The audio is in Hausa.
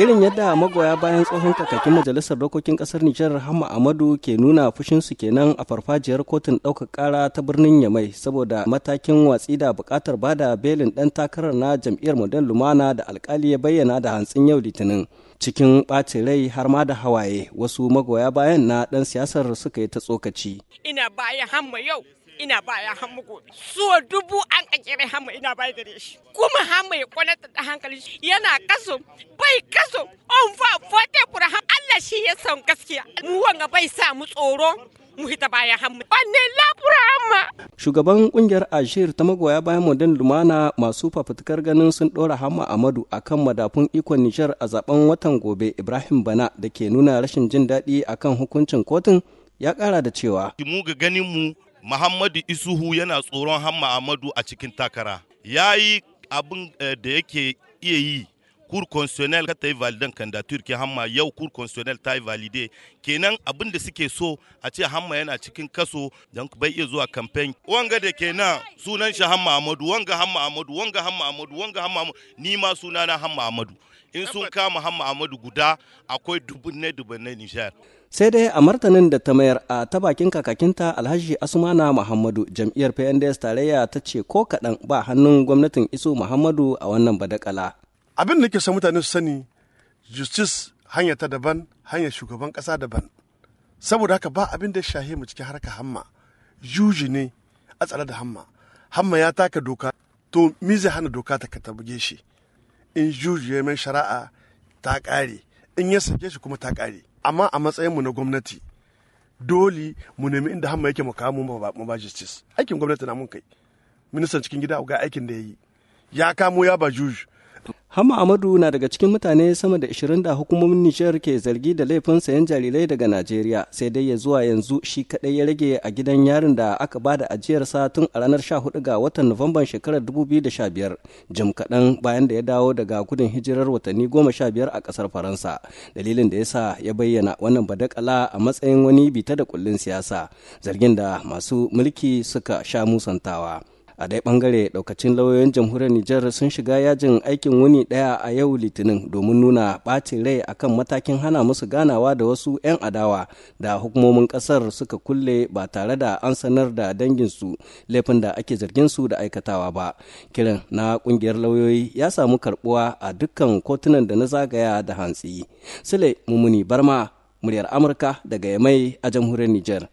irin yadda magoya bayan tsohon kakakin majalisar dokokin kasar nijar hama amadu ke nuna fushinsu kenan a farfajiyar kotun ɗaukar kara ta birnin yamai saboda matakin watsi da buƙatar bada belin ɗan takarar na jam'iyyar model lumana da alkali ya bayyana da hantsin yau litinin cikin ɓacin rai har ma da hawaye wasu magoya bayan na dan siyasar suka yi ta tsokaci ina bayan hamma yau ina baya hamu gobe so dubu an kakere hamu ina baya gare shi kuma hamu ya kwanata da hankali yana kaso bai kaso on fa fote hamu. Allah shi ya san gaskiya mu wanga bai sa mu tsoro mu hita baya hamu banne labura hamu. shugaban kungiyar ashir ta magoya bayan modern lumana masu fafutukar ganin sun dora hamu amadu akan madafun ikon nijar a zaben watan gobe ibrahim bana da ke nuna rashin jin daɗi akan hukuncin kotun ya kara da cewa mu ga ganin mu Muhammadu Isuhu yana tsoron Hamma Ahmadu a cikin takara. Ya yi abin eh, da yake iya yi Kur constitutionnel ta yi validan candidature ke hamma yau Kur constitutionnel ta yi valide kenan abin da suke so a ce hamma yana cikin kaso don bai iya zuwa campaign wanga da kenan sunan shi hamma Ahmadu, wanga hamma Ahmadu, wanga hamma Ahmadu, wanga hamma Ahmadu, ni ma sunana hamma Ahmadu. in sun kama hamma Ahmadu guda akwai dubunne dubunne nijar sai dai a martanin da ta mayar a ta bakin kakakinta alhaji asumana muhammadu jam'iyyar pnds tarayya ta ce ko kaɗan ba hannun gwamnatin iso muhammadu a wannan badakala abin da ke sa mutane su sani justice hanya ta daban hanya shugaban ƙasa daban saboda haka ba abin da shahe mu cikin harka hamma juji ne a tsare da hamma hamma ya taka doka to mi hana doka ta ka buge shi in juji ya mai shari'a ta ƙare in ya sake shi kuma ta kare amma a matsayin mu na gwamnati dole mu nemi inda hamma yake mu kawo mu ba justice aikin gwamnati na mun kai ministan cikin gida ga aikin da ya yi ya kamo ya ba juju hamma Amadu na daga cikin mutane sama da 20 da hukumomin Nijar ke zargi da laifin sayan jarirai daga Najeriya sai dai ya zuwa yanzu shi kadai ya rage a gidan yarin da aka ba da ajiyarsa tun a ranar 14 ga watan Nuwamban shekarar 2015 jim kaɗan bayan da ya dawo daga gudun hijirar watanni 15 a ƙasar Faransa dalilin da yasa ya bayyana wannan badakala a matsayin wani bita da kullun siyasa zargin da masu mulki suka sha musantawa. a dai bangare daukacin lauyoyin jamhuriyar nijar sun shiga yajin aikin wuni daya a yau litinin domin nuna ɓacin rai akan matakin hana musu ganawa da wasu 'yan adawa da hukumomin ƙasar suka kulle ba tare da an sanar da danginsu laifin da ake zargin su da aikatawa ba kiran na ƙungiyar lauyoyi ya samu karbuwa a dukkan kotunan da na zagaya da hantsi sule mumuni barma muryar amurka daga yamai a jamhuriyar nijar